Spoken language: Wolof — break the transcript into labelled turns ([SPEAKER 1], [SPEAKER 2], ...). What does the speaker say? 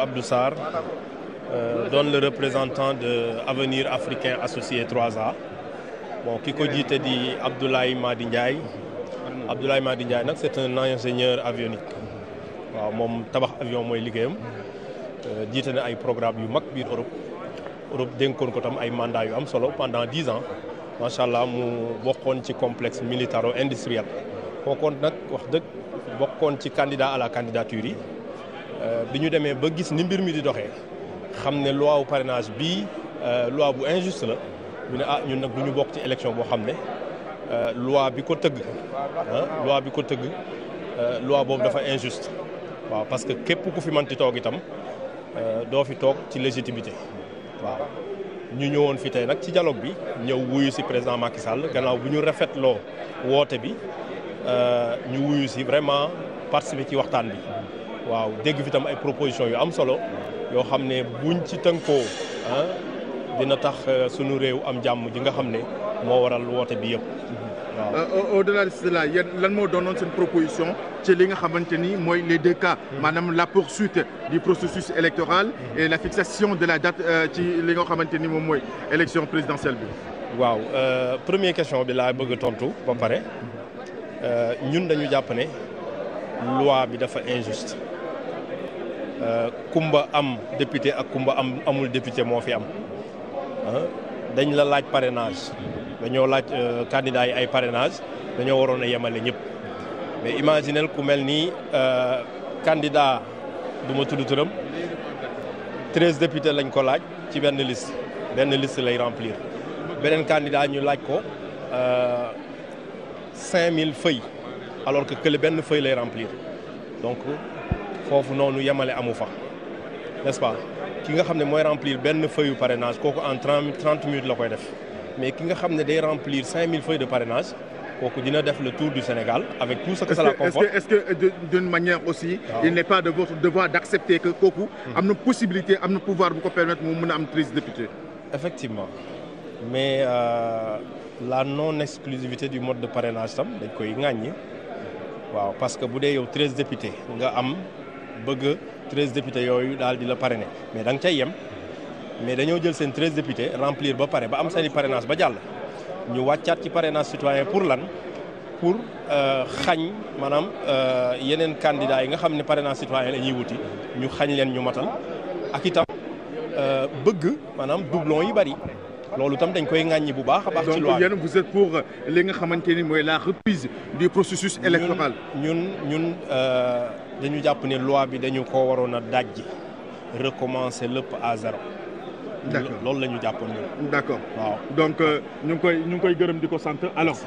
[SPEAKER 1] Abdou Sarr euh, doon le représentant de Avenir Africain Associé trois a bon ki ko jiite di Abdoulaye Madi Ndiaye Abdoulaye Madi Ndiaye nag c'est un ingénieur avionique waaw moom tabax avion mooy liggéeyam euh, jiite na ay programme yu mag biir Europe Europe dénkoon ko tam ay mandat yu am solo pendant dix ans macha allah mu bokkoon ci complexe militaro industriel kookoon nag wax dëgg bokkoon ci candidat à la candidature yi Euh, bi ñu demee ba gis ni mbir mi di doxee xam ne loi wu parrainage bii euh, loi bu injuste la ñu ne ah ñun nag du ñu bokk ci élection boo xam ne euh, loi bi ko tëgg
[SPEAKER 2] ah loi
[SPEAKER 1] bi ko tëgg loi boobu dafa injuste waaw parce que képp ku fi mënti toog itam doo fi toog ci légitibité waaw ñu ñëwoon fi tey nag ci dialogue bi ñëw wuyu si président Macky Sall gannaaw bu ñu rafetloo woote bi ñu wuyu si vraiment participer ci waxtaan bi waaw dégg fi tam ay proposition yu am solo yoo xam ne buñ ci tënkoo ah dina tax eh, sunu réew am jàmm ji nga xam
[SPEAKER 2] ne moo waral woote bi yëpp. waaw euh, euh, au delà de cela lan moo doonoon seen proposition ci li nga xamante ni mooy les deux cas. Hmm. maanaam la poursuite du processus électoral. Hmm. et la fixation de la date euh, ci li nga xamante ni moom mooy élection présidentielle bi. waaw premier question bi laa bëgg tontu ba pare ñun
[SPEAKER 1] dañu jàpp ne loi bi dafa injuste. Euh, kumba am député ak kumba am amul député moo fi am ah, dañ la laaj parrainage dañoo laaj euh, candidat yi ay parrainage dañoo waroon a yemale ñëpp mais imaginel ku mel ni euh, candidat du ma tudd turam treize députés lañ ko laaj ci benn liste benn liste lay remplir beneen candidat ñu laaj ko cinq mille feuilles alors que kële benn feuille lay remplir donc foofu noonu yemale amu fa n'est-ce pas ki nga xam ne mooy remplir benn feuille parrainage kooku en trente minutes la koy def mais ki nga xam ne day remplir cinq mille feuilles de parrainage kooku dina def le tour du Sénégal avec tout ce que cela comporte est-ce
[SPEAKER 2] que est-ce que euh, d'une manière aussi il n'est pas de votre devoir d'accepter que kooku hmm. am na possibilité am na pouvoir bu ko permettre mu mën a am treize députés effectivement
[SPEAKER 1] mais euh, la non exclusivité du mode de parrainage tam dañ koy ŋàññi waaw parce que bu dee yow treize députés nga am bëgg treize députés yooyu daal di la parrainer mais da nga cay yem mais dañoo jël seen treize députés remplir ba pare ba am seen i parrainage ba jàll ñu wàccaat ci parrainage citoyen pour lan pour euh, xañ maanaam euh, yeneen candidats yi nga xam ne parrainage citoyen la ñuy wuti ñu xañ leen ñu matal ak itam euh, bëgg maanaam doublon yi bari loolu tam dañ koy
[SPEAKER 2] ŋàññi bu baax a baax. ci loi donc yéen vous êtes pour li nga xamante ni mooy
[SPEAKER 1] la reprise du processus électoral ñun ñun ñun. dañu jàpp ne loi bi dañu ko waroon a dajji recommencer lépp à zéro. d' accord loolu la ñu jàppoon ñun. d' accord waaw
[SPEAKER 2] donc euh, ñu ngi koy ñu ngi koy gërëm di ko sant alors.